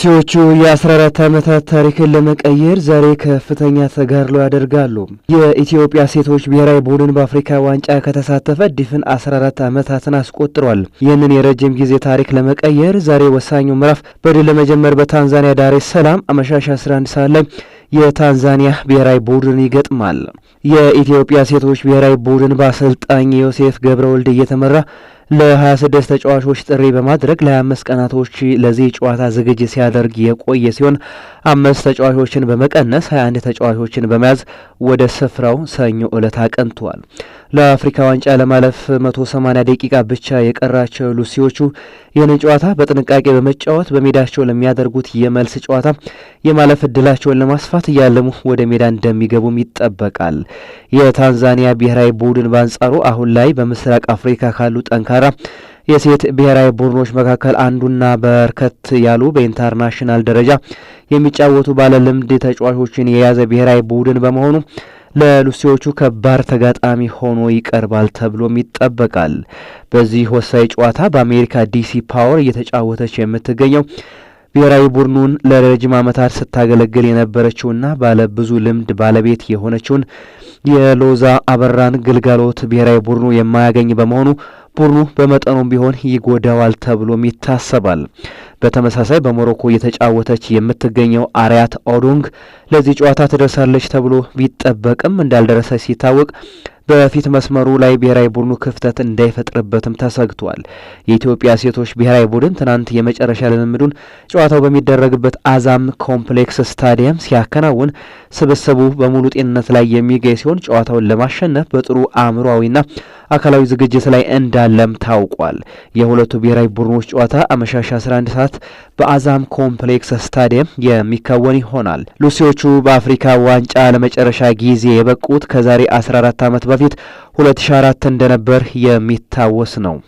ታክሲዎቹ የ14 ዓመታት ታሪክን ለመቀየር ዛሬ ከፍተኛ ተጋድሎ ያደርጋሉ። የኢትዮጵያ ሴቶች ብሔራዊ ቡድን በአፍሪካ ዋንጫ ከተሳተፈ ድፍን 14 ዓመታትን አስቆጥሯል። ይህንን የረጅም ጊዜ ታሪክ ለመቀየር ዛሬ ወሳኙ ምዕራፍ በድል ለመጀመር በታንዛኒያ ዳሬ ሰላም አመሻሽ 11 ሰዓት ላይ የታንዛኒያ ብሔራዊ ቡድን ይገጥማል። የኢትዮጵያ ሴቶች ብሔራዊ ቡድን በአሰልጣኝ ዮሴፍ ገብረ ወልድ እየተመራ ለ26 ተጫዋቾች ጥሪ በማድረግ ለ25 ቀናቶች ለዚህ ጨዋታ ዝግጅት ሲያደርግ የቆየ ሲሆን አምስት ተጫዋቾችን በመቀነስ 21 ተጫዋቾችን በመያዝ ወደ ስፍራው ሰኞ ዕለት አቀንተዋል። ለአፍሪካ ዋንጫ ለማለፍ 180 ደቂቃ ብቻ የቀራቸው ሉሲዎቹ ይህንን ጨዋታ በጥንቃቄ በመጫወት በሜዳቸው ለሚያደርጉት የመልስ ጨዋታ የማለፍ እድላቸውን ለማስፋት እያለሙ ወደ ሜዳ እንደሚገቡም ይጠበቃል። የታንዛኒያ ብሔራዊ ቡድን በአንጻሩ አሁን ላይ በምስራቅ አፍሪካ ካሉ ጠንካ የሚመራ የሴት ብሔራዊ ቡድኖች መካከል አንዱና በርከት ያሉ በኢንተርናሽናል ደረጃ የሚጫወቱ ባለልምድ ተጫዋቾችን የያዘ ብሔራዊ ቡድን በመሆኑ ለሉሴዎቹ ከባድ ተጋጣሚ ሆኖ ይቀርባል ተብሎም ይጠበቃል። በዚህ ወሳኝ ጨዋታ በአሜሪካ ዲሲ ፓወር እየተጫወተች የምትገኘው ብሔራዊ ቡድኑን ለረጅም ዓመታት ስታገለግል የነበረችውና ባለ ብዙ ልምድ ባለቤት የሆነችውን የሎዛ አበራን ግልጋሎት ብሔራዊ ቡድኑ የማያገኝ በመሆኑ ቡድኑ በመጠኑም ቢሆን ይጎዳዋል ተብሎም ይታሰባል። በተመሳሳይ በሞሮኮ እየተጫወተች የምትገኘው አርያት ኦዶንግ ለዚህ ጨዋታ ትደርሳለች ተብሎ ቢጠበቅም እንዳልደረሰች ሲታወቅ በፊት መስመሩ ላይ ብሔራዊ ቡድኑ ክፍተት እንዳይፈጥርበትም ተሰግቷል። የኢትዮጵያ ሴቶች ብሔራዊ ቡድን ትናንት የመጨረሻ ልምምዱን ጨዋታው በሚደረግበት አዛም ኮምፕሌክስ ስታዲየም ሲያከናውን ስብስቡ በሙሉ ጤንነት ላይ የሚገኝ ሲሆን ጨዋታውን ለማሸነፍ በጥሩ አእምሯዊና አካላዊ ዝግጅት ላይ እንዳለም ታውቋል። የሁለቱ ብሔራዊ ቡድኖች ጨዋታ አመሻሽ 11 ሰዓት በአዛም ኮምፕሌክስ ስታዲየም የሚከወን ይሆናል። ሉሲዎቹ በአፍሪካ ዋንጫ ለመጨረሻ ጊዜ የበቁት ከዛሬ 14 ዓመት በፊት 2004 እንደነበር የሚታወስ ነው።